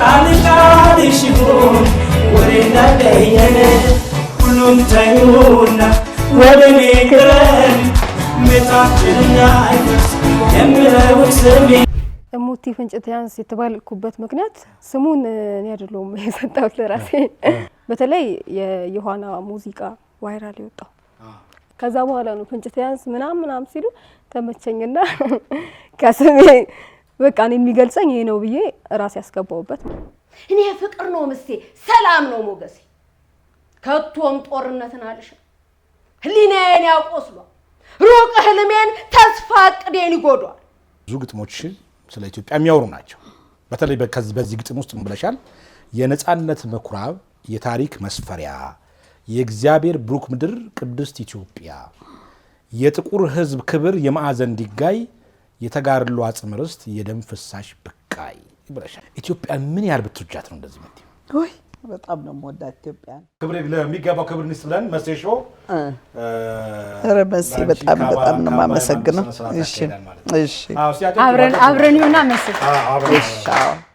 ቃል ቃልሽ ይሁን ወሬ እንዳይለየን ሁሉም ተይውና ወደ እኔ ቅረብ ምጣችንና አይደርስ የምለውን ስሜ እሙቲ ፍንጭትያንስ የተባልኩበት ምክንያት ስሙን እኔ አይደለሁም የሰጠሁት ለራሴ። በተለይ የዮሐና ሙዚቃ ዋይራል የወጣው ከዛ በኋላ ነው። ፍንጭትያንስ ምናም ምናም ሲሉ ተመቸኝና ከስሜ በቃ እኔ የሚገልጸኝ ይሄ ነው ብዬ ራሴ ያስገባውበት ነው። እኔ ፍቅር ነው ምስቴ፣ ሰላም ነው ሞገሴ፣ ከቶም ጦርነትን አልሻ ህሊናዬን ያቆስሏል፣ ሩቅ ህልሜን ተስፋ እቅዴን ይጎዷል። ብዙ ግጥሞች ስለ ኢትዮጵያ የሚያወሩ ናቸው። በተለይ በዚህ ግጥም ውስጥ ብለሻል? የነፃነት መኩራብ የታሪክ መስፈሪያ፣ የእግዚአብሔር ብሩክ ምድር ቅድስት ኢትዮጵያ፣ የጥቁር ህዝብ ክብር የማዕዘን ድንጋይ የተጋድሎ አጽምር ውስጥ የደም ፍሳሽ ብቃይ ብለሻል። ኢትዮጵያ ምን ያህል ብትወጃት ነው እንደዚህ ምት? ወይ በጣም ነው የምወዳት ኢትዮጵያ። ክብር ለሚገባው ክብር እንስጥ ብለን መሴሾ ሾው በጣም በጣም ነው የማመሰግነው። አብረን ይሁና መሴ